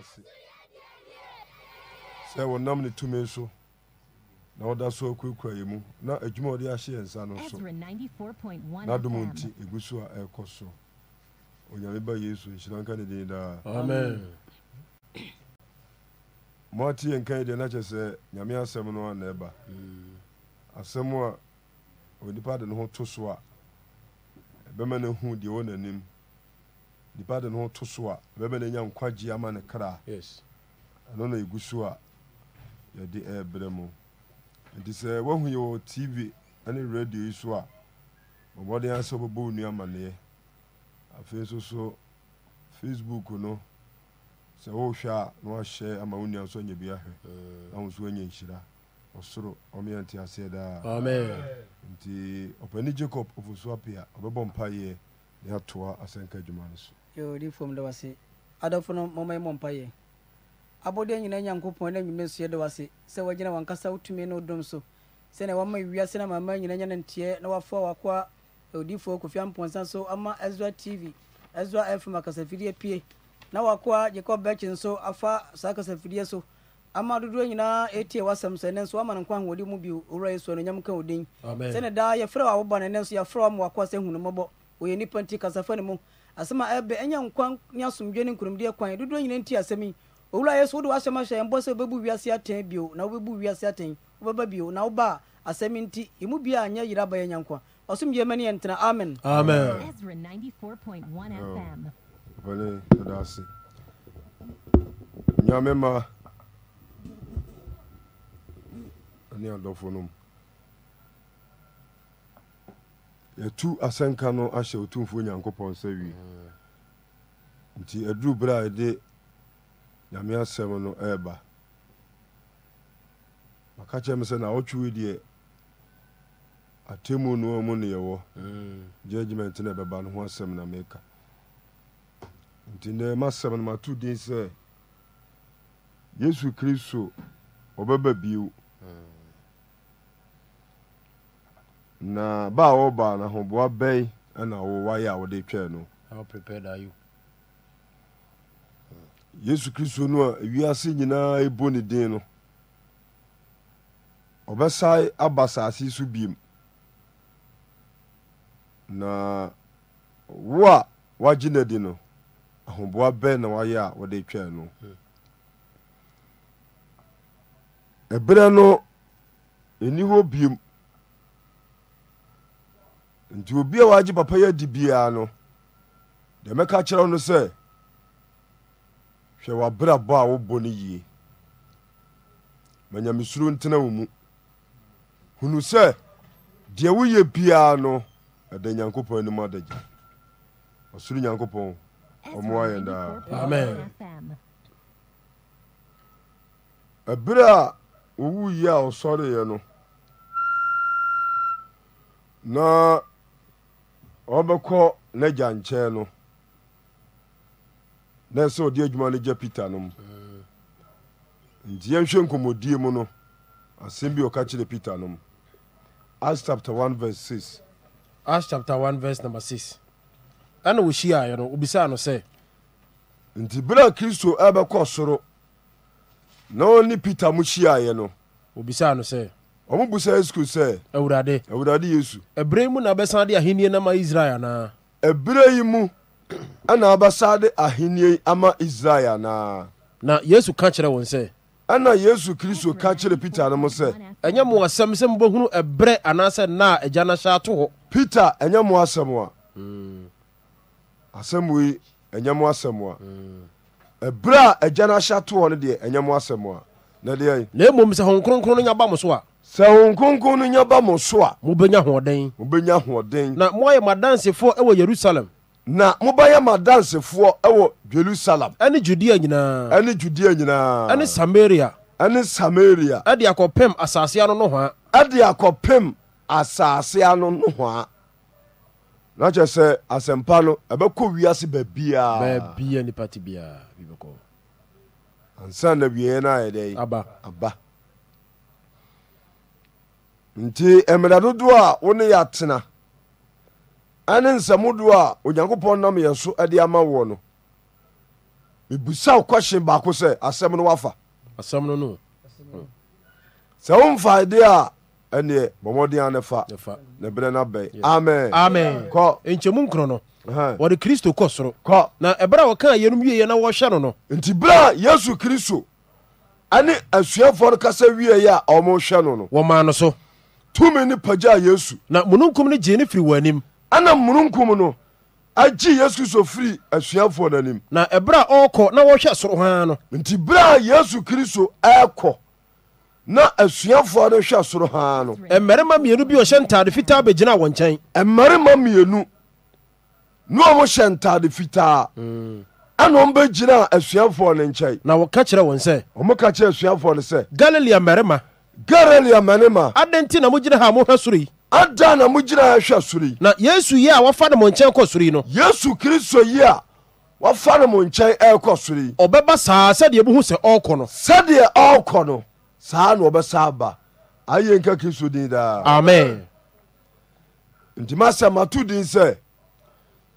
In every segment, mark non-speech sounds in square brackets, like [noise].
ase sɛ wɔnam ne tumi so na wɔda so akurakura yɛ mu na adwuma wɔde ahyɛ yɛn nsa no so na nti ɛgu so a ɛrekɔ so onyame ba yesu nhyira nka ne din daa amen moate yɛ nka deɛ na kyɛ sɛ nyame asɛm no a na ɛba mm. asɛm a onipa de ne ho to so a ɛbɛma no hu deɛ wɔ n'anim nipa de ne to so a bɛbɛ no nya nkwagye ama ne kra ɛno na ɛgu so a yɛde ɛɛbrɛ mu nti sɛ woahu yɛ wɔ tv ne radio yi so a bɔmmɔden asɛ wobɛbɔ wo nu amanneɛ afei nso so facebook no sɛ wohwɛ a na wahyɛ ama wo nua nso anya bi ahwɛ na wo nso anya nhyira ɔsoro ɔmeante aseɛ daa nti ɔpani jacob ofosuapia ɔbɛbɔ mpayɛ ne atoa asɛnka adwuma no so yɛdi fom dɛ wase adɔfo no mɔma yɛ mɔ mpayɛ abɔdeɛ nyinaa nyankopɔn na nwuma nsuɛ dɛ wase sɛ wagyina wankasa wotumi ne wodom so sɛnea wama wiase na mama nyina nya ne nteɛ na wafoa wakoa odifoɔ kofia mpɔnsa so ama ɛzoa tv ɛzoa fm akasafideɛ pie na wakoa jacob bɛkye nso afa saa akasafideɛ so ama dodoɔ nyinaa ɛtie wasɛm sɛ ɛnɛ nso wama no nkwa ahoɔde mu bio owura so no nyam ka wo din sɛne daa yɛfrɛ wɔ awobɔ no ɛnɛ nso yɛfrɛ wa ma wakoa sɛ hunumɔbɔ ɔyɛ nnipa nti kasafa ne mu asɛm a ɛbɛ ɛnyɛ nkwa ne asomdwe ne nkurumdeɛ kwan dodoɔ nyina nti asɛm yi owura yesu wode w'asɛm ahyɛ yɛn bɔ sɛ wobɛbu wiase atɛn bio na wobɛbu wiase atɛn wobɛba bio na woba a asɛm nti ɛmu bia anyɛ yera ba yɛnya nkwa ɔsom gyema ne yɛntena amen amen ɔpɛne ɛda nyame ma ne adɔfo no mu yɛtu asɛnka no ahyɛ otumfuo nyankopɔn sɛ wie nti aduru berɛ a yɛde nyame asɛm no ɛɛba maka kyerɛ me sɛ na awɔtwewe deɛ atemmu no mu ne yɛwɔ mm. judgment no ɛbɛba no ho asɛm na meka nti nɛ masɛm no mato din sɛ yesu kristo ɔbɛba bio mm. na ba a wɔba na ahoboa bɛyi ɛna wɔwayɛ a wɔde twɛɛ no how prepared are you yesu kristo no a ewiase nyinaa ebo ne din no ɔbɛsae aba saase so biem na wo a wagye no adi no ahoboa bɛn na wayɛ a wɔde twɛɛ no ɛberɛ no ɛni hɔ biem nti obi a wagye papa yi adi biara no deɛ mɛka kyerɛw no sɛ hwɛ wabrabɔ a wobɔ no yie manyamesuro ntena wo mu hunu sɛ deɛ woyɛ biara no ɛda nyankopɔn anim adagya ɔsoro nyankopɔn ɔmoa yɛn daa ɛberɛ a ɔwu a ɔsɔreeɛ no na ɔbɛkɔ n'agya nkyɛn no na ɛsɛ ɔde adwuma no gya peter no mu nti yɛnhwɛ nkɔmmɔdie mu no asɛm bi ɔka kyerɛ peter no mu acts chapter 1 verse 6 acts chapter 1 verse number 6 ɛna wɔhyiaeɛ no obisaa no sɛ nti bere a kristo ɛbɛkɔ soro na ɔne peter mu hyiaeɛ no obisaa no sɛ ɔmobu saɛ siko sɛ awurade awurade yesu ɛberɛ yi mu naobɛsan de ahenni noma israel anaa ɛberɛ yi mu [clears throat] ɛna abɛsa de ahenni ama israel anaa na yesu ka kyerɛ wɔn sɛ ɛna yesu kristo ka kyerɛ pita no m sɛ ɛnyɛ mo asɛm sɛ mubɛhunu ɛbrɛ anaasɛ naa ɛgyana hyɛ to hɔ pita ɛnyɛ mo asɛm a asɛmo yi ɛnyɛmo asɛm a ɛberɛ a ayana hyɛ atohɔ no deɛ ɛnyɛ mo asɛm a ndeɛ na mmom sɛ hoho kronkron no nyaba mo soa sɛ wo nkonkon no nya ba mo so a mobɛnya hoɔden mobɛnya hoɔden na moayɛ madansefoɔ ɛwɔ yerusalem na mobɛyɛ madansefoɔ ɛwɔ jerusalem ɛne judea nyinaa ɛne judea nyinaa ɛne samaria ɛne samaria ɛde akɔpem asase ano nohoa ɛde akɔpem asase ano nohoa na kyerɛ sɛ asɛmpa no ɛbɛkɔ wiase baabiaa baabia nipa te biaa bibɛkɔ ansa na wieɛ no ayɛ aba aba nti mmerɛ dodoɔ a wo ne yɛ atena ɛne nsɛm doɔ a onyankopɔn nam yɛn so de ama woɔ no ebusa wo kɔhye baako sɛ asɛm no wafa asɛm no no sɛ womfa deɛ a ɛneɛ bɔmmɔden a ne fa ne berɛ no abɛe amen amen kɔ nkyɛmu nkoro no wɔde kristo kɔ soro kɔ na ɛberɛ a wɔkaa yɛnom wieɛ na wɔhwɛ no no nti berɛ a yesu kristo ɛne asuafoɔ no kasa wieɛ a ɔmo no no wɔmaa no so tumi ne pagyaa yesu na mununkum ni gyee ne firi wɔ anim ana mununkum no agye yesu kristo firi asuafoɔ no na ɛberɛ a ɔrekɔ na wɔhwɛ soro haa no nti berɛ a yesu kristo ɛrekɔ na asuafoɔ no hwɛ soro haa no mmarima mmienu bi a ɔhyɛ ntade fitaa bɛgyinaa wɔn nkyɛn mmarima mmienu ne ɔmo hyɛ ntade fitaa ana ɔmbɛgyinaa asuafoɔ no nkyɛn na wɔka kyerɛ wɔn sɛ ɔmo ka kyerɛ asuafoɔ no sɛ galilea mmarima galilia mane ma adɛn nti na mogyina ha mohwɛ soro yi ada na mogyina hwɛ soro yi na yesu yi a wɔfa no mo nkyɛn kɔ soro yi no yesu kristo yi a wɔfa no mo nkyɛn ɛrekɔ soro yi ɔbɛba saa sɛdeɛ bohu sɛ ɔrekɔ no sɛdeɛ ɔrekɔ no saa na ɔbɛsa ba ayɛ nka kristo din daa amen nti masɛ mato din sɛ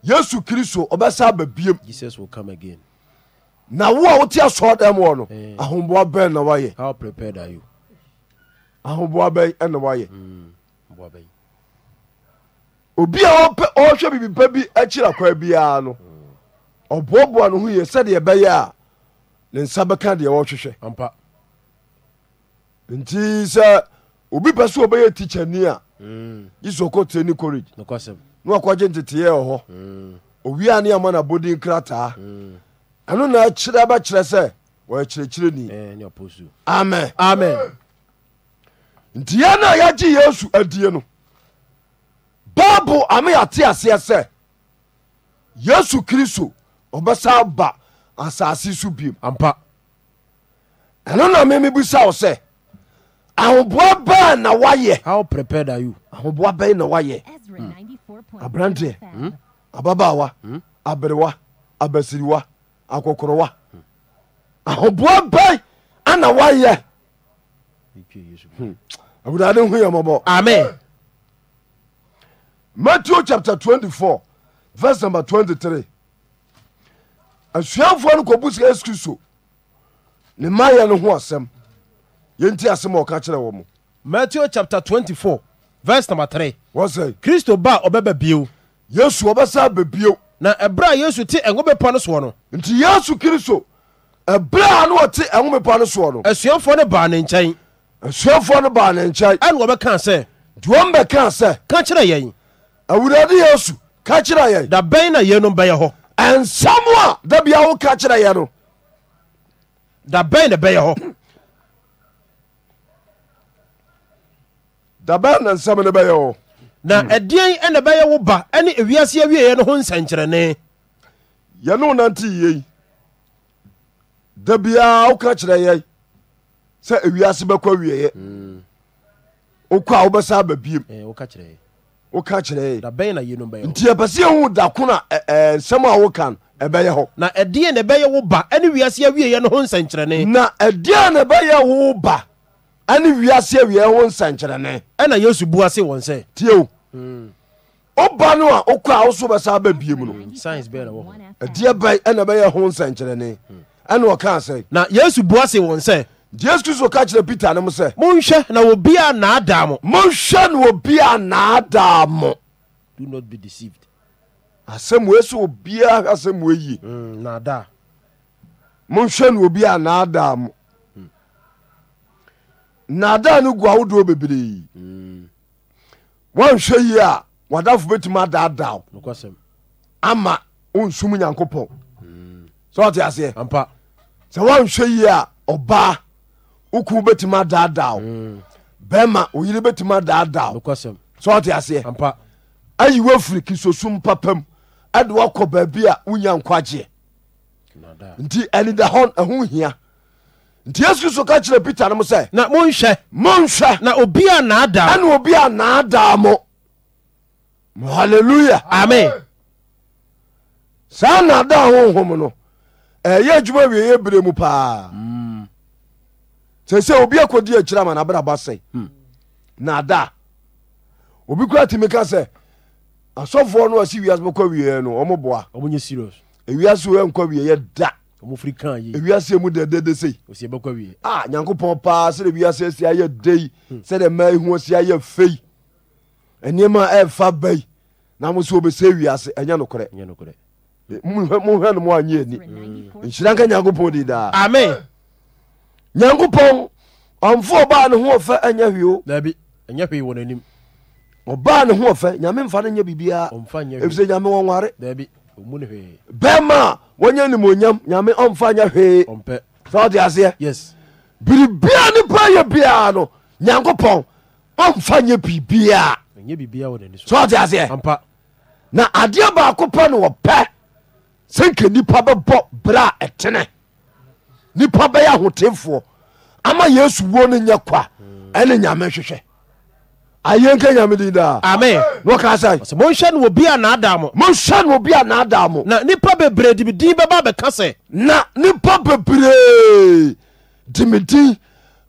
yesu kristo ɔbɛsa ba biem jesus will come again na wo a wote asɔɔdɛm wɔ no ahomboa bɛn na woayɛ how prepared are you ahoboa bɛn ɛna wayɛ mm, obi a ɔhwɛ bibipa bi akyira kwaa biara no mm. ɔboaboa no ho yie sɛdeɛ ɛbɛyɛ a ne nsa bɛka deɛ wɔhwehwɛ nti sɛ obi pɛ sɛ ɔbɛyɛ tikyani a yi sɛ ɔkɔ training college na wakɔgye nteteeɛ wɔ hɔ mm. owia ne ama na bodin krataa ɛno na akyerɛ bɛkyerɛ sɛ wɔyɛ kyerɛkyerɛ ni amen amen nti yɛna yɛgye yesu adie no bible ameyɛte aseɛ sɛ yesu kristo ɔbɛsa ba asase so bim ampa ɛno na memebusa wo sɛ ahoboa bɛɛ na woayɛ how prepared are you ahoboa bɛɛ na woayɛ hmm. aberanteɛ hmm? ababaawa hmm? aberewa abasiriwa akɔkɔrɔwa ahoboa bɛɛ ana woayɛ awurade hu yɛ mmɔbɔ amen matthew chapter 24 verse number 23 asuafoɔ no kɔbu sika yesu kristo ne ma yɛ no ho asɛm yɛnti asɛm a ɔka kyerɛ wɔ mo matthew chapter 24 verse number 3 wɔsɛ kristo ba a ɔbɛba bio yesu ɔbɛsa aba bio na ɛberɛ a yesu te ɛngo bepɔ no soɔ no nti yesu kristo ɛberɛ a na ɔte ɛngo bepɔ no soɔ no asuafoɔ no baa ne nkyɛn asuafoɔ no bankyɛnɔɛkasɛ ɛkasɛa kerɛyɛws a krɛyɛdaɛn nayeɛyɛ h nsɛdaiawoakrɛyɛ daɛɛyɛ hdɛnnsɛm ɛɛ na ɛeɛn ne bɛyɛ wo ba ne ewiaseawieɛ no ho nsɛnkyerɛne yɛno nantye daiawoa kerɛyɛ sɛ ewiase bɛkɔ awieɛ wokɔ mm. a wobɛsa ba biem eh, woka kyerɛnti ɛpɛ sɛ yɛhu da ko na nsɛm a woka no ɛbɛyɛ hɔ na ɛdeɛ na ɛbɛyɛ wo ba ɛne wiase awieɛ no ho nsɛnkyerɛne na ɛdeɛ na ɛbɛyɛ wo ba ɛne wiase awieɛ ho nsɛnkyerɛne ɛna yesu bua se wɔn sɛ tio mm. woba no a wokɔ a woso bɛsa ba biem no mm. ɛdeɛ bɛn ɛna ɛbɛyɛ ho nsɛnkyerɛne ɛne ɔkaa sɛ na yesu bua se wɔn sɛ yesu kristo ka kyerɛ peter no m sɛ monhwɛ na obiaa naadaa mo monhwɛ no obia naadaa mo asɛm wei sɛ obiaa hwɛ asɛm wei yi mm, monhwɛ no obiaa naadaa mo naadaa no gu awodoɔ bebree woanhwɛ yi a wadafo bɛtumi adaadaa wo ama wonsum nyankopɔn mm. sɛ ɔte aseɛ sɛ woanhwɛ yi a ɔbaa wokuw bɛtumi adaada mm. bɛma woyere bɛtumi adaadao sɛ wote aseɛ ayiwofiri kesosum papa m ɛde woakɔ baabi a wonya nkɔagyeɛ nti anidahɔn ɛho hia nti yasikriso ka kyerɛ piter no m sɛɛɛna obi anaadaa mo mo halleluya saa nnaada honhom no ɛyɛ adwuma awie yi brɛ mu paa mm. sɛsɛ obi akɔdi akyira ma nabraba sɛe hmm. na da obi kora timi ka sɛ asɔfoɔ no ase wiase bɛkɔ wieɛ no ɔmo boa ɔmonyɛ serious ewiase wo ɛnkɔ wieyɛ da ɔmo firi kan yi ewiase mu dɛdɛdɛ sei osi ɛbɛkɔ wie a ah, nyankopɔn paa sɛde wiase asi ayɛ dei hmm. sɛde ma ihu asi ayɛ fei nneɛma ɛɛfa bɛi na mo so obɛsɛ wiase ɛnyɛ nokorɛ mohwɛ no mo anyɛ ani hmm. nhyira nka nyankopɔn di daa amen nyankopɔn ɔmfo ɔbaa ne ho ɔfɛ ɛnyɛ hweo daabi ɛnyɛ hwee wɔ n'anim ɔbaa ne ho ɔfɛ nyame mfa no nyɛ biribiaa ɔmfa nyɛ hwee ɛfisɛ nyame wɔnware daabi ɔmu ne hwee bɛrima a wɔnyɛ nimonyam nyame ɔmfa nyɛ hwee ɔmpɛ sɛ ɔde aseɛ yes biribia nipa yɛ biaa no nyankopɔn ɔmfa nyɛ biribiaa ɛnyɛ biribiaa wɔ n'ani so sɛ ɔde aseɛ ampa na adeɛ baako pɛ no wɔpɛ sɛ nka nipa bɛbɔ berɛ a ɛtene nipa bɛyɛ ahotefoɔ ama yesu wo no nyɛ kwa ɛne nyame hwehwɛ ayenke nyame din daa amen na ɔka sɛ monhyɛ no obi a naadaa mo monhyɛ no obi a naadaa mo na nipa bebree de medin bɛba bɛka sɛ na nipa bebree de medin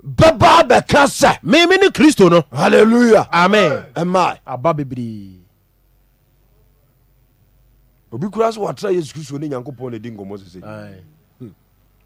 bɛba bɛka sɛ meme ne kristo no halleluya amen ɛma aba bebree obi kura sɛ wɔatra yesu kristo ne nyankopɔn na di nkɔmmɔ sesɛ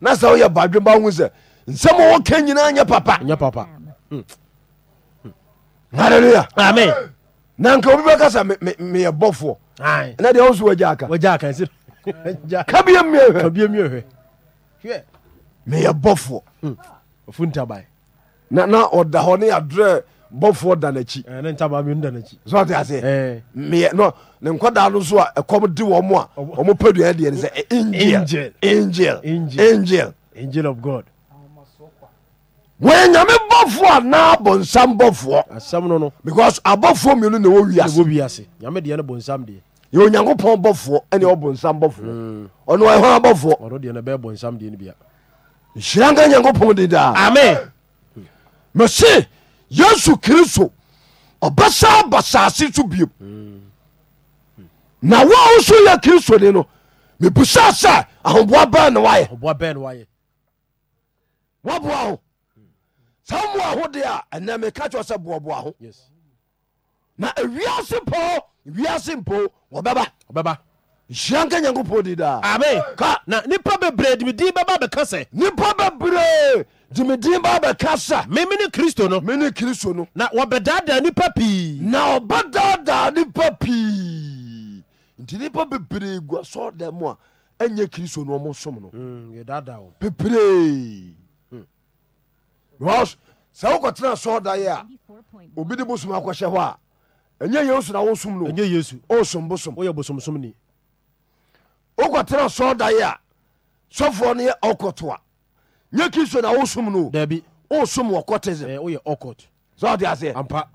na sɛ woyɛ badwe ba hu sɛ nsɛm a wɔka nyinaa nyɛ papa nyɛ papa hmm. Hmm. hallelujah amen na nka obi bɛka sɛ meyɛ bɔfoɔ ɛna deɛ wo so wagya aka wagya aka sɛ [laughs] ka bia mmie ka bia mmie hwɛ meyɛ bɔfoɔ hmm. ofuntaban na na ɔda hɔ ne yɛadrɛ bɔfoɔ da n'akyi sɔte aseɛ meɛ no ne nkɔdaa no so a ɛkɔm de wɔ mo a ɔmo pɛ duane deɛ ne sɛ eh, angel angel angel angel of god wɔyɛ nyame bɔfoɔ anaa bɔnsam bɔfoɔ asɛm no no because abɔfoɔ mmienu na ɛwɔ wiase nyame deɛ no bɔnsam deɛ yɛ onyankopɔn bɔfoɔ ɛne ɔbɔnsam bɔfoɔ mm. ɔno ɔyɛ hɔ abɔfoɔ ɔno deɛ no bɛyɛ bɔnsam deɛ no bia nhyira nka nyankopɔn de daa amen mɛse yesu kristo ɔbɛsa ba saase so biom na wowo so yɛ kristoni no mebusa sɛ ahoboa bɛn ne wayɛ woboa ho sɛ womoa ho deɛ a ɛnɛ meka kyɛ sɛ boɔboa ho na wiase po wiase mpo wɔbɛba nhyira nka nyankopɔn di daa ame ka na nipa bebree dimidin bɛba bɛka sɛ nipa bebree dimidin baa bɛka sɛ memene kristo no mene kristo no na wɔbɛdaadaa nipa pii na ɔbɛdaadaa nipa pii nti nipa bebree gua sɔɔ dɛ mu a ɛnyɛ kristo no ɔmo som no mm, bebree hmm. because sɛ wokɔtena sɔɔ da yɛ a obi de bosom akɔhyɛ hɔ a ɛnyɛ yesu na wosom no ɛnyɛ yesu ɔsom bosom woyɛ bosomsomni wokɔtera sɔdae a sɔfoɔ ya, yɛ ɔkɔt a nyɛ kristo na wosom no dabi wosom wɔ kɔtism woyɛ ɔkɔt sɛ ɔde aseɛ ampa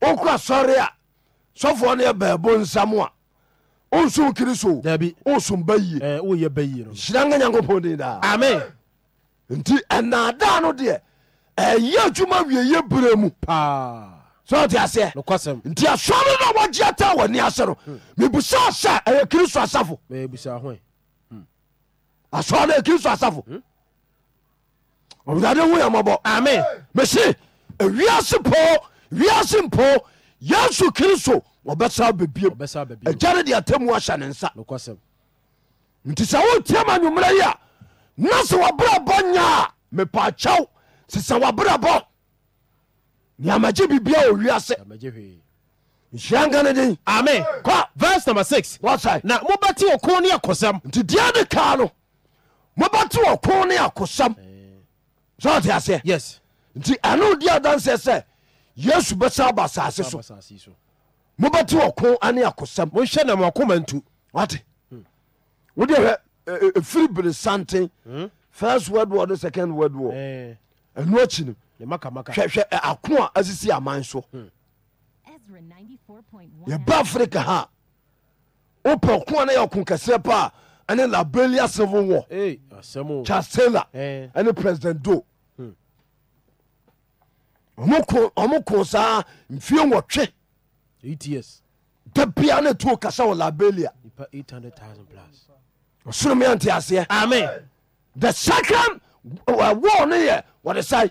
wokora sɔre a sɔfoɔ no yɛ baabo nsam a wonsom kristo dabi wosom ba yie woyɛ ba yie no hyira nka nyankopɔn din daa amen nti ɛnaadaa no deɛ ɛyɛ adwuma wieɛ berɛ mu paa sọọti aseɛ nti asɔre na wɔgye ata wɔ ni ase no mibusa hmm. asa ɛyɛ kiriso asafo hmm. asɔre na kiriso asafo ɔbɛdade hmm. hu yɛ mɔbɔ amen mesi ewiase po wiase mpo yasu kiriso ɔbɛsa bebiem ɛgya ne de atemu ahyɛ ne nsa nti sɛ wotie ma nwummerɛ yi a na bɔ nyaa mepaakyɛw sesɛ wɔbrɛ bɔ neamagye biribia owiase nhyira nka ne den ame kɔ Verse number six wɔsae na mobɛte ɔko ne akɔsɛm nti deɛ de kaa no mobɛte ɔko ne akɔsɛm sɛ ɔte aseɛ yes nti ɛno di adanseɛ sɛ yesu bɛsa aba asase so mobɛte ɔko ane akɔsɛm monhyɛ nam akoma ntu wate wode hwɛ ɛfiri e, e, e, bere santen hmm? first word war ne second word war ɛno akyi no hwɛhwɛ ako a asisi aman so hmm. yɛba afrika ha wopɛ ko a na yɛko kɛseɛ paa ɛne labelia civil war chasela ɛne president do hmm. ɔmo ko saa mfie wɔtwe da bia na tuo kasa wɔ labelia Amen. the second war no what wɔde sae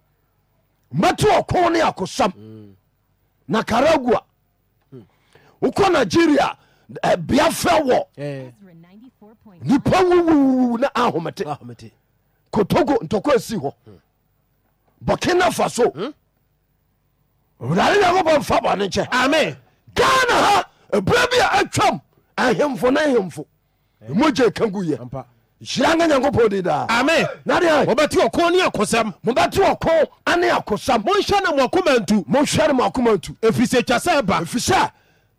mɛte ɔko ne akosam nakaragua wokɔ nigeria eh, bia fɛ wɔ eh. nipa wuwuwu na ahomete kotogo ntoko asi hɔ hmm. burkina faso wurade hmm? nyankopɔn mfa bɔne nkyɛ ame ghana ha ɛbura bi a atwam ahemfo na ahemfo eh. mogya ka gu hyira nka nyankopɔn di daa ame nadeɛ wɔbɛte ɔko ne akosɛm mobɛte ɔko ane akosɛm monhyɛ ne moakoma ntu monhwɛ ne moakoma ntu ɛfiri sɛ twa sɛ ɛba ɛfiri sɛ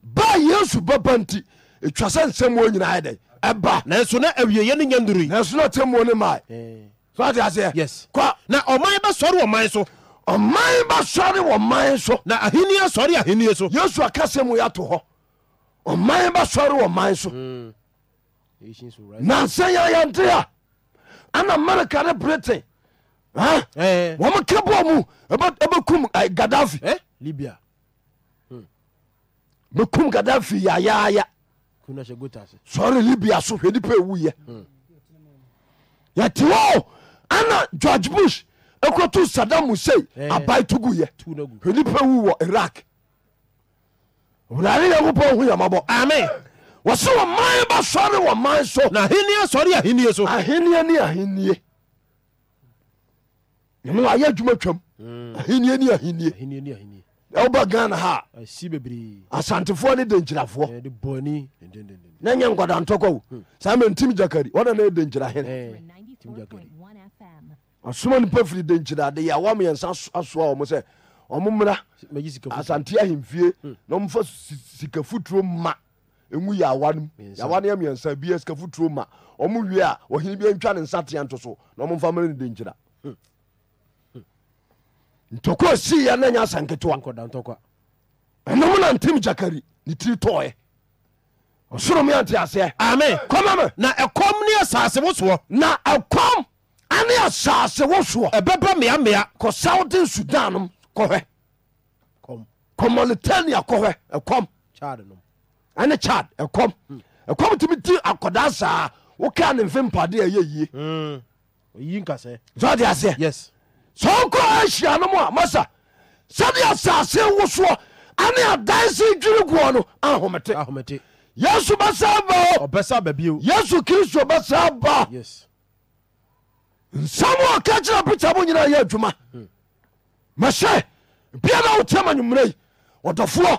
ba yesu bɛba nti ɛtwa sɛ nsɛm wɔ nyinaa dɛ ɛba nanso na awieyɛ no nya ndurui nanso na ɔtɛmmuo no mae eh. so ate aseɛ yes kɔ na ɔman bɛsɔre wɔ man so ɔman bɛsɔre wɔ man so na ahenni asɔre ahenni so yesu akasɛ mu yɛato hɔ ɔman bɛsɔre wɔ man so mm nansa yɛ yɛnte a ana amerika ne britain wɔm ke bɔ mu ɛbɛkum eh, gaddafi eh? libya hmm. bɛkum gaddafi yayaaya sɔre libya so hwɛ nipa ɛwuyɛ hmm. yɛte wɔ ana george bush ɛkɔto saddam hussein eh. abae to guyɛ hwɛ nipa wu wɔ iraq wurare nyankopɔn ho yamabɔ amen wɔse wɔsɛ wɔman bɛsɔre wɔ man so na ahenni asɔre ahennie so ahenniɛ ne ahennie nyame wayɛ adwuma twam ahenniɛ ne ahennie ɛwoba ghana ha asantefoɔ ne denkyirafoɔ na nyɛ nkwadantɔkɔ wo saa ma ntim gyakari wɔna na ɛdenkyira hene ɔsoma nipa firi denkyira de yɛ wɔm yɛnsa asoa wɔ mo sɛ ɔmo mmra asante ahemfie na ɔmfa sikafuturo ma Emu yɛ awa nom yɛawa no yɛmiɛnsa bia sika foturo ma ɔmo wie a ɔhene bia ntwa ne nsateɛ nto so na ɔmo mfa mara ne denkyira hmm. hmm. ntɔkwa siiɛ na nya asanketewa ɛnom na ntem gyakari ne tiri tɔɛ ɔsoro me ante aseɛ ame kɔma me na ɛkɔm ne asase wo soɔ na ɛkɔm ane asase wo soɔ ɛbɛba mmeammea kɔ southern sudan nom kɔhwɛ kɔmɔnitania kɔhwɛ ɛkɔm ɛne chad ɛkɔm ɛkɔm tumi ti akɔda saa wokaa ne mfe mpade ɛyɛ yie mm. sode aseɛ sɛ wokɔ ahyia no mu a masa sɛde asase wosoɔ ane adanse dwiri goɔ no ahomete yesu bɛsa ba yesu kristo bɛsa ba nsam a ɔka kyerɛ pita mu nyinaa yɛ adwuma mahyɛ mm. bia na wotiama nwumerɛ yi ɔdɔfoɔ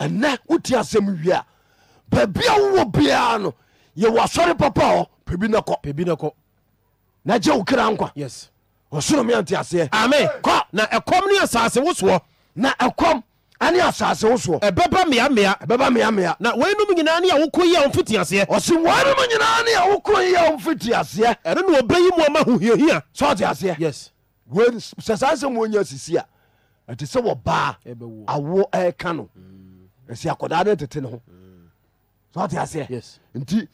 ɛnɛ woti asɛm wie a baabia wowɔ biara no yɛwɔ asɔre papa hɔ pɛbi no kɔ pɛbi no kɔ na gye wo kra nkwa yes ɔsoromeante aseɛ ame kɔ na ɛkɔm ne asase wosoɔ na ɛkɔm ane asase wosoɔ ɛbɛba mmeammea ɛbɛba mmeammea na wɔinom nyinaa ne a wokɔ yi a womfiti aseɛ ɔse wɔnom nyinaa ne a wokɔ yi a womfiti aseɛ ɛno na ɔbɛyi mu ama hohiahia sɛ ɔte aseɛ yes sɛ saa sɛ mu ɔnya sisi a ɛte sɛ wɔbaa awo ɛka no sakoda ettenots mm. nti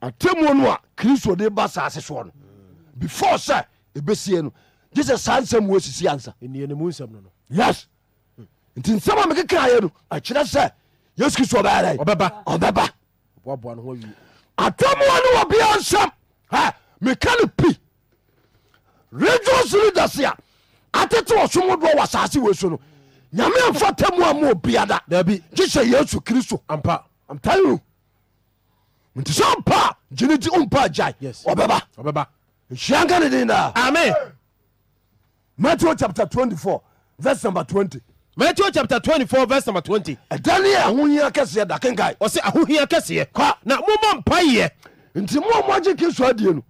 atamuno a kristo de ba sase sno mm. beforessyssasɛwsissmsnti sɛma meke krayɛn kerɛs yes kristoba atomua new bia sɛm mekane pi regonselidesea ateteosomodo wa sase wesono nyame mfa tamu a ma obiada dabi gye hyɛ yesu kristo ampa amtare no nti sɛ mpa gyene di ompa agyae ɔbɛba ɔbɛba nhyia nka ne den daa amen matthew chapter 24 verse number 20 matthew chapter 24 verse number 20 ɛda ne yɛ ahohia kɛseɛ da kenkae ɔsɛ ahohia kɛseɛ na momma mpa yɛ nti mo a moagye kristo adie no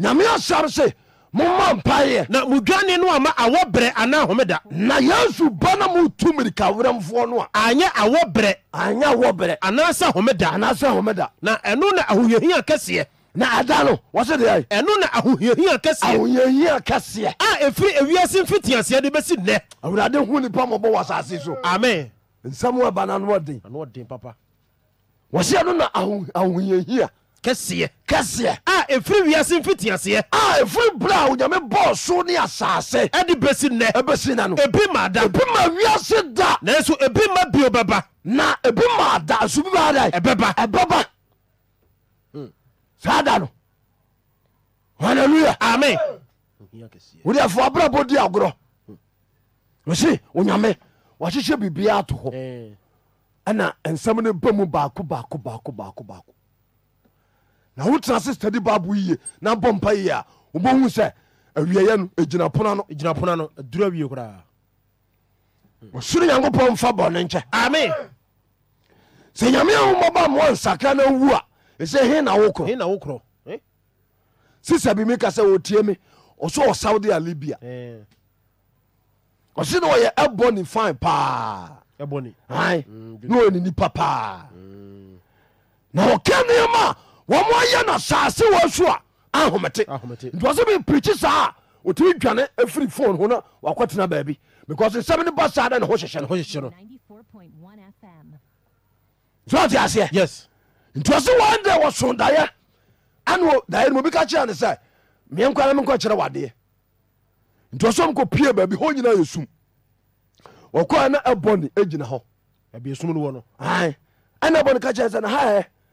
nyame asɛm se momma mpaeɛ na modwane no ama awɔ berɛ anaa homeda na yesu ba na motu mirikawerɛmfoɔ no a anyɛ awɔ berɛ anyɛ awɔ berɛ anaasɛ homeda anaasɛ homeda na ɛno na ahohiahia kɛseɛ na ɛda no wɔse deɛ ɛno na ahohiahia kɛseɛ ahohiahia kɛseɛ a ɛfiri ewiase mfitiaseɛ de bɛsi nnɛ awurade ho nipa mɔbɔ wɔ asase so amen nsɛm ɛba no anoɔden anoɔden papa wɔseɛ no na ahohiahia kɛseɛ kɛseɛ a ɛfiri wiase mfitiaseɛ a ɛfiri berɛ a onyame bɔɔ so ne asase ɛde bɛsi nnɛ ɛbɛsi na no ebi ma da ebi ma wiase da nanso ebi ma bio bɛba na ebi ma da asu bi ma ɛbɛba ɛbɛba hmm. saa da no hallelujah amen wòde ɛfɔ abúlabò di agorɔ wòsi hmm. onyame wàhyehyɛ biribiara to hɔ eh. ɛna nsɛm no bɛ mu baako baako baako baako baako na wotena se study bible yie na bɔ mpa yie a wobɛhu sɛ awieyɛ no ɛgyina pona no gyina pona no adura wie koraa hmm. ɔsoro nyankopɔn mfa bɔne nkyɛ ame sɛ nyame a wommɔba mmoa nsakra no awu a ɛsɛ he na wo korɔ na wo korɔ eh? sisa bi mi kasa wɔtie me ɔso wɔ saudi arabia eh. ɔse na ɔyɛ ɛbɔ ne fine paa mm, na ɔyɛ ne nipa paa mm. na ɔka nneɛma a omyɛ na sase wasoa ahomete tosb praki saa tum a f oa b se tos so dayɛnbi ka krɛe s krɛ ɛ psbɔnna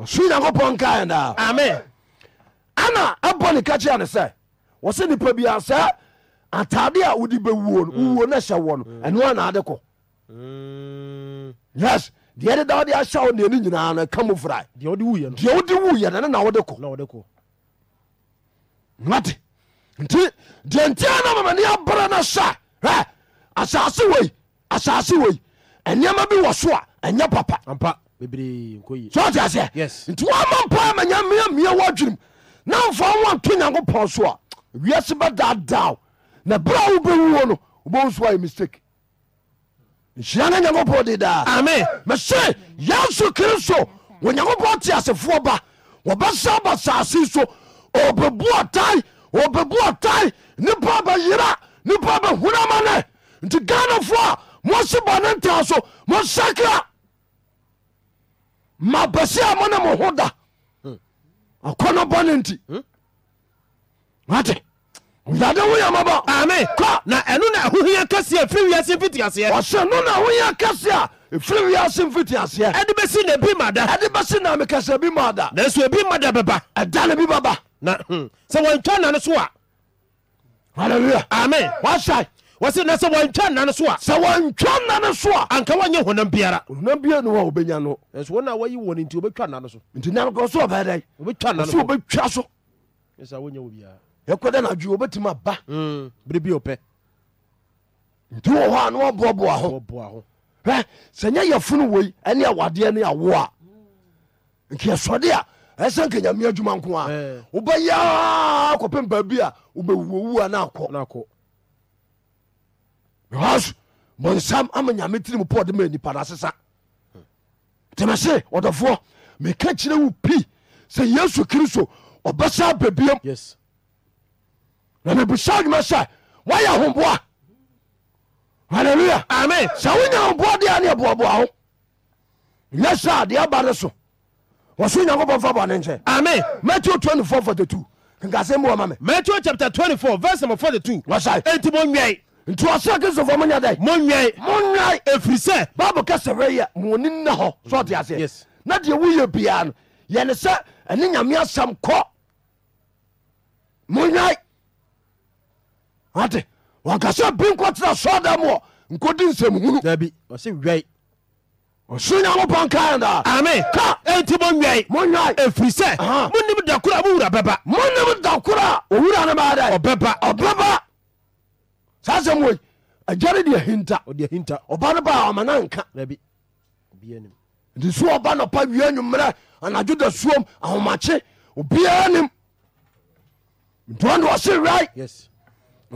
ɔsoro nyankopɔn kaɛ daa ame ana ɛbɔ ne ka kyea ne sɛ wɔse nipa bia sɛ atade a wode bɛwuo no wowuo mm. no ɛhyɛ wɔ no ɛnoa naade kɔ mm. yes deɛ ɛdeda wode ahyɛ wo neɛne nyinaa no ɛka mu frae deɛ wode wuyɛ no ne na wode kɔ nate nti deɛ ntia no mamane abrɛ no sa asase wei asase wei ɛnneɛma bi wɔ so a ɛnyɛ papa so teaseɛ nti wama mpa manyamiamia wɔ adwenem na mfa wanto nyankopɔn so a wiase bɛdadaw na berɛ a wobɛwuo no wobɛwu so ayɛ mistake nhyira na nyankopɔn de daa ame mese yesu kristo onyankopɔn te asefoɔ ba wɔbɛsa ba saase so ɔbɛbu ɔtae ɔbɛbu ɔtae nipa bɛyera nipa bɛhunamane nti ghanafoɔ a mose bɔne ntaa so mosakra mapɛsia mo ne mo ho da hmm. akɔno bɔne nti hmm? ate yade wo yamabɔ na ɛno na ahohia kɛseɛ ɛfiri wiase mfiti aseɛ ɔsɛ no na ahohia kɛseɛ a ɛfiri wiase mfiti aseɛ ɛde bɛsi na bi mada ɛde bɛsi na mekɛsɛ bi mada nanso ebi mada bɛba ɛda na bi baba. na sɛ wɔntwa na no so a halleluya ame wasae wɔsi na sɛ wɔntwa nna no so a sɛ wɔntwa nna no so a anka wɔnyɛ honam biara honam biara no a wɔbɛnya no ɛnso wɔn a wɔyi wɔn nti wɔbɛtwa nna no so nti nam kɔ so ɔbɛyɛ dɛ wɔbɛtwa nna no so wɔbɛtwa so ɛsɛ wɔnyɛ wɔ biara yɛkɔ dɛ n'adwi wɔbɛtumi aba mm, biribi ɔpɛ nti wɔ hɔ a na wɔboaboa ho a nka yɛsɔde a ɛsɛ nka nyame adwuma nko a wobɛyɛ kɔpem baabi a wobɛwuowu because bonsam ama nyame tirimu pɔ de ma nipa na asesa tẹmɛsɛ ɔdɔfoɔ meka kyerɛ wo sɛ yesu kristo ɔbɛsa babiam na mebusa adwuma sɛ woayɛ homboa Alléluia, amen sɛ wonya homboa ne ɛboaboa ho nyɛ sɛ aba so amen matthew 24 42 nkasɛm bi matthew chapter 24 verse number 42 nti ɔsɛ kristofoɔ monyɛ dɛ monwɛn monwɛn ɛfiri sɛ bible kɛsɛ wɛyɛ moɔni nna hɔ so ɔte aseɛ na deɛ woyɛ biaa no yɛne sɛ ɛne nyame asɛm kɔ monwɛn ate wankasɛ bi nkɔtena sɔda mɔ nkɔdi nsɛm hunu dabi ɔsɛ wɛi ɔsoro nyankopɔn kaa daa ame ka enti monwɛi monwɛi ɛfiri sɛ monim dakoro a mowura bɛba monim dakoro a owura no baa dɛ ɔbɛba ɔbɛba saa sɛm wei agyare de ahinta ɔba no ba ɔma no nka nti so ɔba nɔpa wia nwummerɛ anadwo da suom ahomakye obiaa nim ntoɔne ɔse rai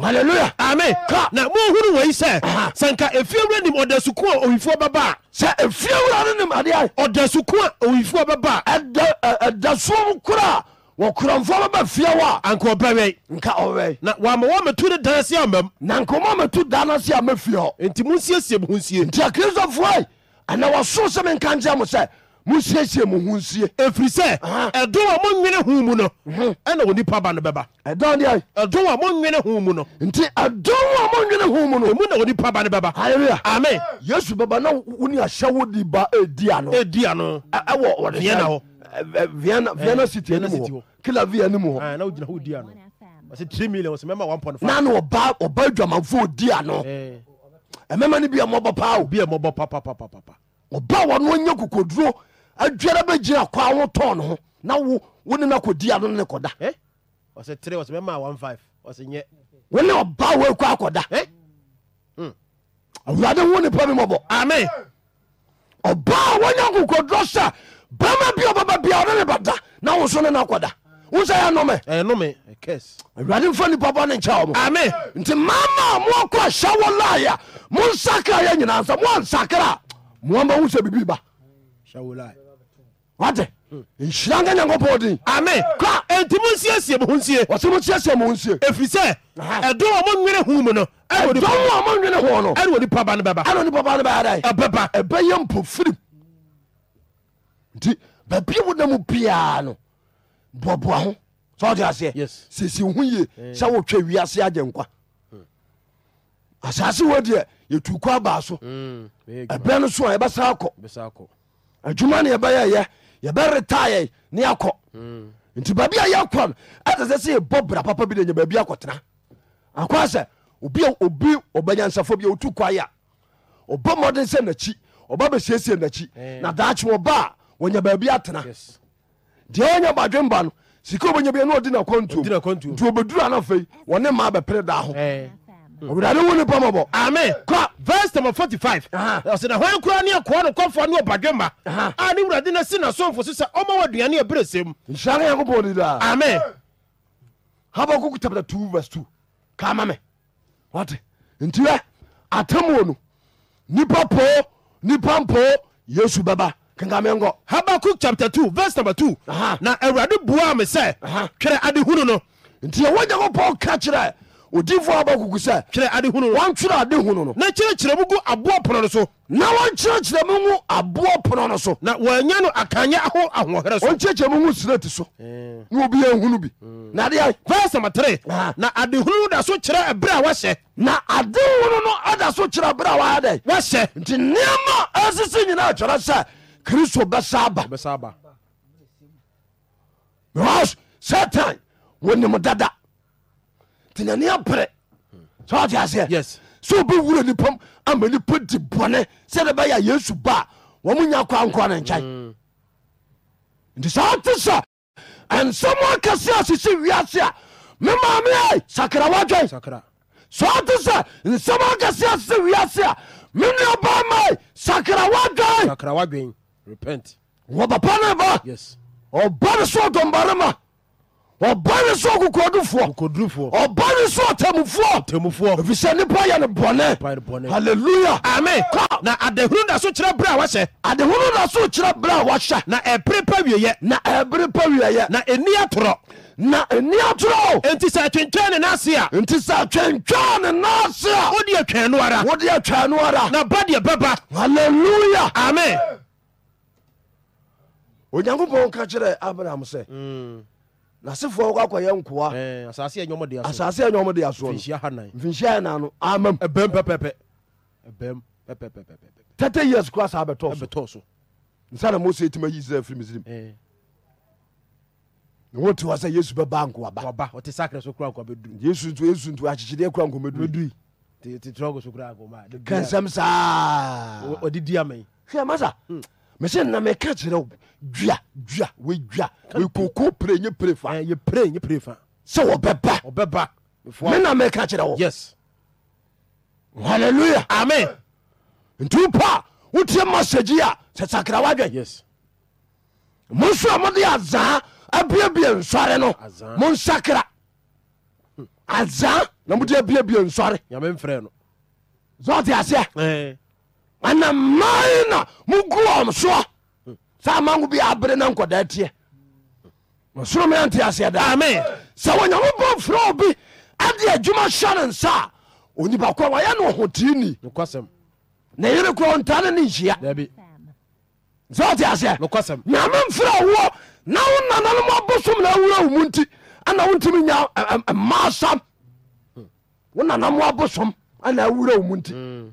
hallelujah amen ka na mohunu wei sɛ sɛnka efie wura nim ɔdasuko a owifoɔ bɛba a sɛ efie wura no nim adeɛ ɔdasuko a owifoɔ bɛba a ɛdasuom koraa wɔkorɔmfoɔ bɛba fie wɔ a anka ɔbɛwɛi nka ɔwɛi na wama wɔ mɛtu ne dana se amam na nka ɔma mɛtu dana se ama fie hɔ enti monsiesie mo ho nsie nti akristofoɔ ɛna wɔsoro sɛ menka nkyɛ mo sɛ mosiesie mo ho nsie ɛfiri sɛ ɛdom a monwene ho mu no mhm. ɛna onipa ba no bɛba ɛdɔn deɛ ɛdom a monwene ho mu no nti ɛdom a monwene ho mu no ɛmu na onipa ba no bɛba haleluya amen yesu baba na wo ne di ba ɛdi ano ɛdi ano ɛwɔ wɔdeɛ Eh, eh, viana eh, viana city anim hɔ kila via anim hɔ. Ah, na o gyina hɔ di ano ɔsi three million ɔsi mɛma one point five. naanu ɔba ɔba adwamanfo di ano ɛmɛma ni bi a mɔbɔ paa o. bi a mɔbɔ papapapa. ɔba wɔn no nye kokoduro adwara bɛ gyina kɔ awo tɔn ho na wo wo ne na ko di ano ne kɔ da. ɔsi three ɔsi mɛma one five ɔsi nyɛ. wo ne ɔba wo ekɔ akɔ da. Hmm. awurade wo ni pɛmi mɔbɔ. ami ɔba wɔn nye kokoduro sɛ bama bia baba bia ɔne ne bada na wo so ne na kɔda wo sɛ yɛ nome ɛnome eh, eh, awurade mfa ni bɔ ne nkyɛ wɔ mo ame nti mama moakɔ ahyɛ wɔ laeɛ a monsakra yɛ nyinaa sɛ moansakra a moama wo sɛ biribi ba wate nhyira nka nyankopɔn din ame ka enti monsiesie mo ho nsie wɔse monsiesie mo ho nsie ɛfiri sɛ ɛdom a monwene hu mu no ɛdom a monwene ho no ɛne onipa ba no bɛba ɛne onipa ba no bɛyɛ dae ɛbɛba ɛbɛyɛ mpofirim nti baabia woda mu biaa no boaboa ho sɛ wode aseɛ sesi ho ye eh. sɛ wotwa wiase agye nkwa hmm. asase wɔ deɛ yɛtu kɔ abaa so hmm. ɛbɛ no so a yɛbɛsa akɔ adwuma no yɛbɛyɛyɛ yɛbɛretayɛ ne yɛakɔ hmm. nti baabi a yɛakɔ no ɛsɛ sɛ sɛ yɛbɔ bra papa bi de nya baabi akɔtena akɔa sɛ obi obi ɔbanyansafo bi a wotu kwae a ɔbɔ mmɔden sɛ n'akyi ɔba bɛsiesie n'akyi eh. na daakye wɔba a aya babi tena ababa adina atdeapnps2 e nipa papua kenkamenkɔ habakuk chapter 2 verse number 2 na awurade bua me sɛ twerɛ adehunu no nti yɛwɔ nyankopɔn ka kyerɛ odifo abakuku sɛ twerɛ adehunu no wɔntwerɛ adehunu no na kyerɛkyerɛ mu gu aboɔ pono no so na wɔnkyerɛkyerɛ mu gu aboɔ pono no so na wɔanya no akanyɛ aho ahoɔherɛ so wɔnkyerɛkyerɛ mu gu sinati so na obi ahunu bi na adeɛ verse number 3 na adehunu no da so kyerɛ ɛberɛ a wɔhyɛ na adehunu no ada so kyerɛ ɛberɛ a wɔayɛ dɛ wɔhyɛ nti nneɛma asisi nyinaa kyerɛ sɛ khristo besabasatan wonem dada tnania pere s soobwur nip amanip di bone seebya yesu ba womo ya koankonek ttse nsem kesesese se mm sakrawts nsemese se mbm sakrawa wba pane ba ɔbane so dumba rema bae sokkodufbae sotamffsɛnip yɛno bɔnanadrdndsokyerɛ brrpa rpnrntrntsa twawanns ntsa twatwa n nd nrrd onyankopɔn ka kyerɛ abraham sɛ nasefoɔ wokakɔyɛ nkoa asase a nyɔmde asoɔ mfinhyia ɛna no amam ɛbɛm pɛpɛpɛ tɛtɛ years kora saa bɛtɔ so nsa na mose tumi ayi israel firi misrim na wɔnti hɔ sɛ yesu bɛba nkoabayesu nto akyekyedeɛ kora nkɔmɛduri kɛnsɛm saa hwɛ masa mese nameka kyerɛ dwawkoko preye prefa sɛ wɔbɛbamena je kyerɛ Yes. Hallelujah. amen nti pa wotie masagi a sɛ sakra woadwen monso a mode azaa abiabia nsɔre no monsakra azaa na frère abiabia nsɔre zote aseɛ ana mai na moguom soɔ saa mango bi abere na nkoda tiɛ soromeante aseɛ da sɛ onyankopɔn frɛ obi ade adwuma hyɛ ne nsa a onipa ko wayɛ ne ɔhoteeni na yere korɔ ntane ne nhyia sɛ ɔte aseɛ nyame mfrɛ woɔ na wo nananom abosom na awura wo mu nti ana wontimi nya mmaa asam wo nananom abosom ana awura wo mu nti mm.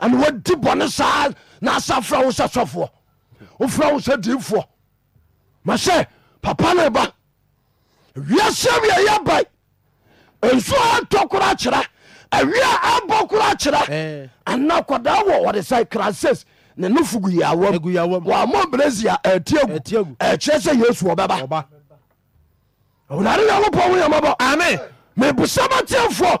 ɛne wadi bɔne saa naasa fra wo sɛ sɔfoɔ wofra wo sɛ diifoɔ masɛ papa no ba wiasɛ wiayɛ bai nsu atɔ kora kyerɛ awia abɔ kora kyerɛ eh. ana kɔdaa wɔ wɔde sɛ krases ne ne e e fo guyawam wɔamɔ brasia atiagu ɛkyerɛ sɛ yesu ɔbɛba ɔwurade nyankopɔn wo yamabɔ ame mebusɛma tiafoɔ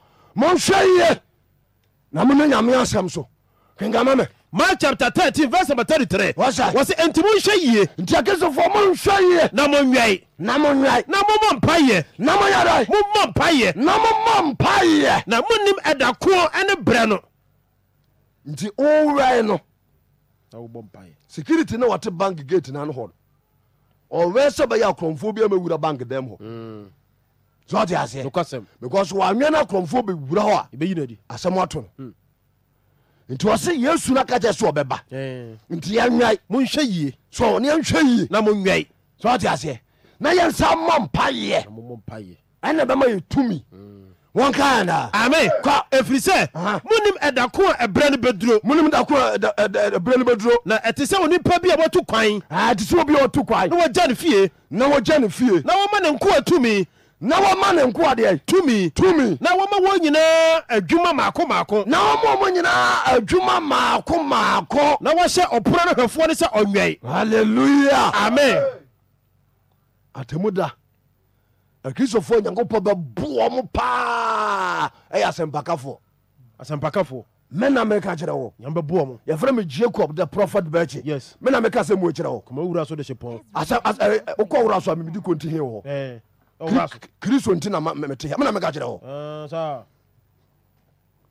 monhwɛ ye na mone nyame asɛm so kenkama me mark chapter thirteen, verse number thirty-three. 33 wɔsɛ wɔsɛ enti monhwɛ yie nti akristofoɔ monhwɛ yie na monwɛe na monwɛe na mommɔ mpayɛ na moyɛdɛ mommɔ mpayɛ na mommɔ mpayɛ na monnim ɛda koɔ ne berɛ no nti wowɛe no security ne wɔte bank gate na no hɔ no ɔwɛ sɛ bɛyɛ akorɔmfoɔ bi amawura bank dɛm hɔ mm sọọti ase. nukasɛm. because wànwɛn na kurɔnfo bɛ wura hɔ a. na di. asɛm ato no. Hmm. nti wɔsi yesu na kakyɛ so ɔbɛba. nti yɛn nwɛn. mo n hwɛ yie. so ni yɛn hwɛ yie. na mo nwɛn. sọọti ase na yɛn nsa mɔ mpa yɛ. na mo mɔ mpa yɛ. ɛna bɛ ma yɛ tumi. wọn ká yẹn na. ami kọ efiri sẹ. ni ẹdako ẹbrẹ ni bẹ duro. mo ni ẹdako ẹbrẹ ni bẹ duro. na ẹti sẹ onipa bi a wọ́n tu kwan. a ti sẹ a wọ́n tu kwan. na wọ́n jẹ́ ni fie. na wọ́n jẹ́ ni fie. na wọ́n ma ne nkuwa tumi na wɔma ne nkoadeɛ tumi tumi na wɔma wɔn nyinaa adwuma maako maako na wɔma ɔmo nyinaa adwuma maako maako na wɔhyɛ ɔpora no hwɛfoɔ no sɛ ɔnwɛe halleluya amen atemu da akristofoɔ nyankopɔn bɛboɔ mo paa ɛyɛ asɛmpakafoɔ asɛmpakafoɔ mena meka kyerɛ wo nyambɛboɔ mo yɛfrɛ me jacob the prophet bɛkye yes mena meka sɛ muo kyerɛ wo kɔmawura so de hyɛ pɔn wokɔ wura so a memedi konti he wɔ kristo nti namete mena meka kyerɛ hɔ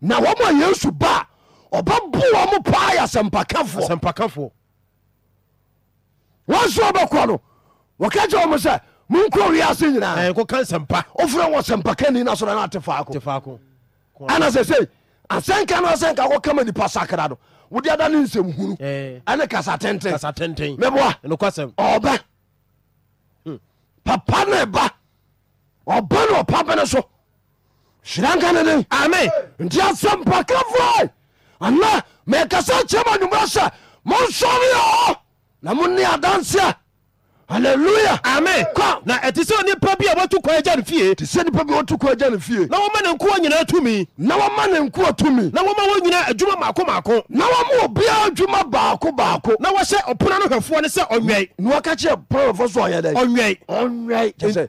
na wɔma yesu ba ɔbɛbo wɔ mo paa yɛ asɛmpakafoɔ wɔnso wɔbɛkɔ no wɔka kyɛ wɔ mo sɛ monkɔ wiase nyinaa wofrɛ wɔ sɛmpaka ni no sɔrɔ no ate faako ɛna sɛ sei asɛnka no asɛnka kɔkama nipa sakra no wode ada ne nsɛm hunu ɛne kasa tenten mɛboa ɔbɛ hmm. papa ne ba ɔba no ɔpa bene so hyera nka ne den ame nti asɛmpa kafo ana mekasa kyerɛ ma anwummerɛ sɛ monsɔreɛ na mone adanseɛ halleluya ame kɔ na ɛte sɛ nipa bi a watu kwan agya no fie te sɛ nipa bi watu kwan agya no fie na wɔma ne nkoa nyinaa tumi na wɔma ne nkoa tumi na wɔma wɔn nyinaa adwuma maako maako na wɔma obiara adwuma baako baako na wɔhyɛ ɔpona no hwɛfoɔ no sɛ ɔnwɛe na wɔka kyerɛ pɔnfoɔ so ɔyɛ dɛ ɔnwɛe ɔnwɛe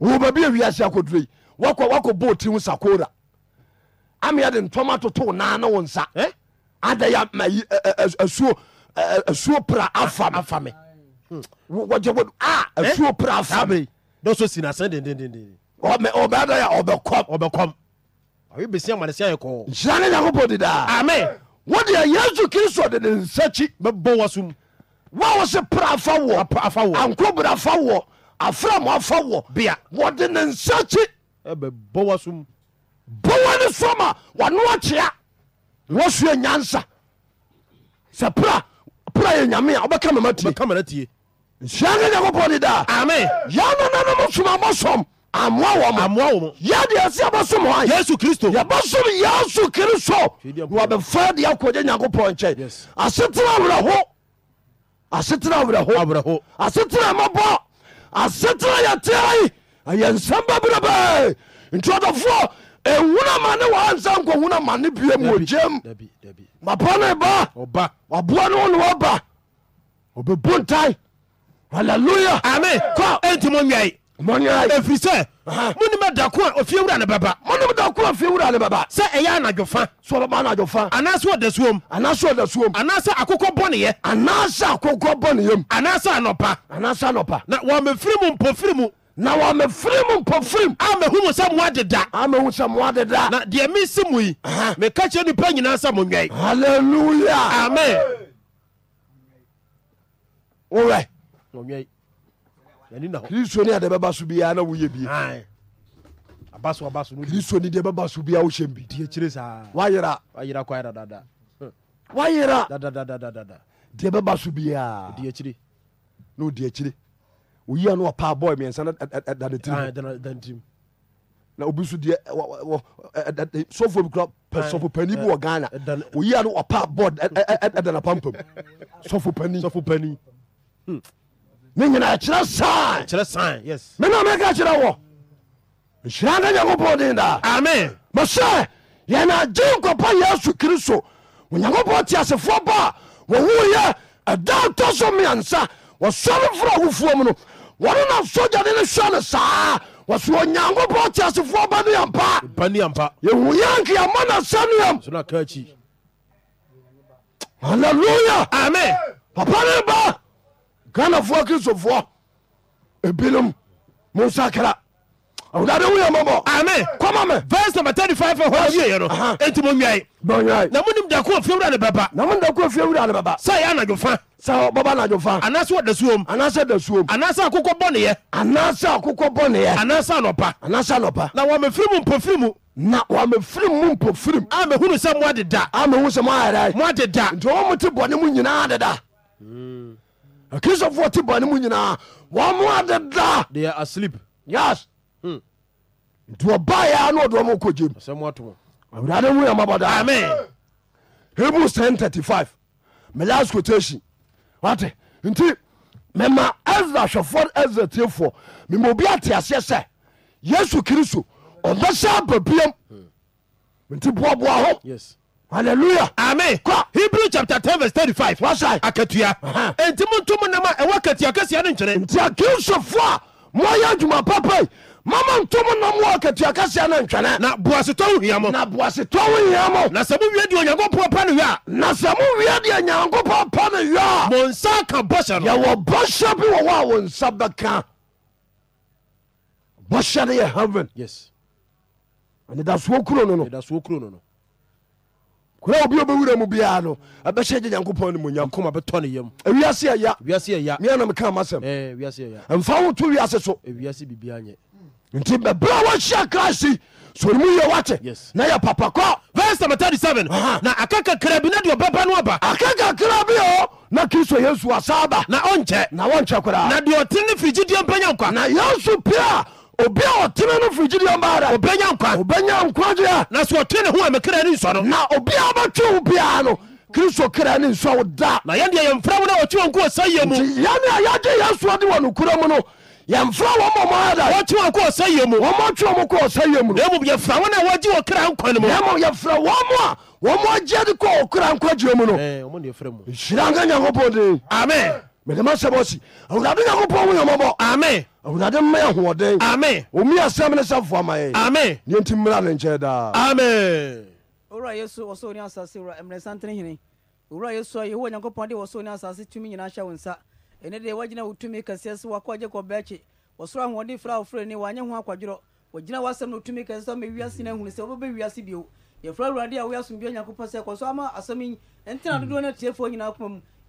woma bi awiase akodurei wakɔ wakɔ bɔɔ ho sakora ameɛ de ntɔma totoo naa ne wo nsa eh? ada yɛ mayi asuo asuo pra afa me hmm. wɔgye wo a eh? asuo pra afa me dɔsɔ si n'asɛn dendendenden ɔbɛ ɔbɛda yɛ ɔbɛkɔm ɔbɛkɔm ɔyɛ besi amanisi ayɛ kɔɔ nhyira ne nyankopɔn di daa amen wodeɛ yesu kristo de ne nsakyi bɛbɔ wasum wa wo se pra afa wɔ ankobra afa wɔ afra moafa wɔ bia wɔde ne nsakyi bɔwa som bɔwa no som a wɔnoakyea wɔsua nyansa sɛ pra pra yɛ nyame a wobɛka mama tie kamara tie nhyia ne nyankopɔn de daa ame yɛnananom soma mɔsom amoa wɔ amoa wɔ mu yɛde ɛsɛ yɛbɛsom hɔ yesu kristo yɛbɛsom yesu kristo na wɔbɛfa de akɔgye nyankopɔn nkyɛn asetena awerɛho asetena awerɛho asetena mabɔ asetera ye teai aye nsamba bro be intua to fuo ewun mane wa nsamko wen mani bie muo jem mapane ba wabuane wonewa ba obe bontai alleluya ami ko entimo nyuei ɛfiri sɛ monem dako a ofie wura ne bɛba a fie wura ne bɛba sɛ ɛyɛ anadwofa sɛ ɔbɛba anadwofa anaasɛ ɔda suom anaasɛ ɔda suom anaasɛ akokɔ bɔneyɛ anaasɛ akokɔ bɔneyɛm anaasɛ anɔpa anaasɛ anɔpa na wɔmɛfiri mu mpɔfiri mu na wɔmefiri mu mpɔfirim a mahu mu sɛ moa deda amahu sɛ moa deda na deɛ mesi mu yi meka kyerɛ nipa nyinaa sɛ monwɛe halleluya amen wowɛ kristo ne ade bɛba so ya na woyɛ bie kristo ne deɛ bɛba so biaa wohyɛm bi wayera wayera deɛ bɛba so biaa na odi akyire oyia no ɔpa bɔe miɛnsa da ne tirim na obi so deɛ sɔfo bi kura sɔfo pani bi wɔ ghana oyia no ɔpa bɔd ɛdana pampam [laughs] sɔfo pani menyena kyerɛ sa meneme ka kerawo siraka nyako po ne daaan mese yɛna jenka pa yesu kristo nyako po tiase fɔ ba wawu yɛ adantoso meansa wɔsore fo̱ra wo fuo muno wane̱ na soja ne̱ne sane saa wasoonyanko po tiase f baneyampa yeu yankeyama nasa nuom alya panba ghanafoɔ kristofoɔ ebinom mo nsa kra awurade wo yɛ mɔbɔ. ami kɔma mɛ. verse number thirty five ɛ hɔn yie yɛ no eti mo nwa ye. mo nwa ye. na mo ni dako fiewura de bɛ ba. na mo ni dako fiewura de bɛ ba. sɛ yɛ anadio fan. sɛ bɔbɔ anadio fan. anase dasuom. anase dasuom. anase akokɔ bɔniyɛ. anase akokɔ bɔniyɛ. anase anɔpa. anase anɔpa. na wɔmɛ firi mu mpɔ firi mu. na wɔmɛ firi mu mpɔ firi mu. a mɛ hunu sɛ mo adeda. a mɛ hunu sɛ mo ayɛrɛ. mo adeda. nti wɔn mo ti bɔ ne mu nyinaa adeda. Hmm. akisofoɔ te banemu nyinaa wɔmo adeda hmm. nti ba nɔdkɔm brs1035 melas qta nti mema ese hwɛfo se tiefo memaobi ate aseɛ sɛ yesu kristo ɔmesa babiam eti boaboa ho hallelujah amen kɔ hebrew chapter ten verse thirty five wasa akatua enti mo ntomo nam a ɛwɔ akatua kɛseɛ no nkyerɛ nti akinsofoɔ a moayɛ adwuma papa mama ntomo nam wɔ akatua kɛseɛ no ntwɛne na boasetɔ wo hia mo na boasetɔ wo hia na sɛ mowie deɛ onyankopɔn pa no wɛ a na sɛ mowie deɛ nyankopɔn pa no wɛ a mo nsa ka bɔhyɛ no yɛwɔ bɔhyɛ bi wɔ hɔ a wo nsa bɛka bɔhyɛ no yɛ heaven yes ɛnedasoɔ kuro no no kura obi wura mu biara no ɛbɛhyɛ gye nyankopɔn no munyankoma bɛtɔ ne yam awiase ɛya meana ewiase masɛm eh, mfa wo tu wiase so ewiase nye nti bɛbrɛ wɔhyia krasi sorimu yɛ wate na yɛ papa kɔ verse number 37 na akaka akakakra bi na de ɔbɛba no aba akakakra bi o na kristo yesu asa na ɔnkyɛ na wɔnkyɛ koraa na deɛ ɔte ne firigyideɛ mpanya nkwa na yesu pia obia a no firigyidi ɔmbaada obɛnya nkwa obɛnya nkwagye a na sɛ ɔtene ho a mekra ne nsɔ no na obi bɛtwe wo biara no kristo kra ne nsɔ wo da na yɛdeɛ yɛmfra mo no ɔkye wɔ nko ɔsa yɛ mu yɛne a yɛgye yɛsoɔ de wɔ nokura mu no yɛmfra wɔ mɔmɔada wɔkye wɔ nko ɔsa yɛ mu wɔmɔtwe mo kɔ ɔsa yɛ mu no mmom yɛfra wɔn a wɔgye wɔ kra nkwa no mu yɛfra wɔ a wɔmɔ agye de kɔ ɔkra nkwagyeɛ mu no nhyira nka nyankopɔn den amen medemasɛ bɔsi awurade nyankopɔn woyamɔbɔ ame awurade mma yɛ ahoɔden ame omi asɛm ne sɛ foa ma yɛ ame neɛ nti mmra ne nkyɛn daa ame yesu wɔsɛ oni asase wura mmerɛ santene hene owura yesu a yehowa nyankopɔn de wɔsɛ oni asase tumi nyinaa hyɛ wo nsa ɛne deɛ wagyina wo tumi kɛseɛ so wakɔ agye kɔ bɛakye wɔsoro ahoɔden fra wofrɛ ni wanyɛ ho akwadworɔ wɔgyina w'asɛm no tumi kɛseɛ sɛ mawiase no ahunu sɛ wobɛbɛ wiase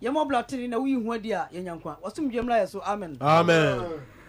yɛmɔ blatene na woyi ho adi a yɛnya nkwa wɔsomdwamla yɛ so amen amen, amen.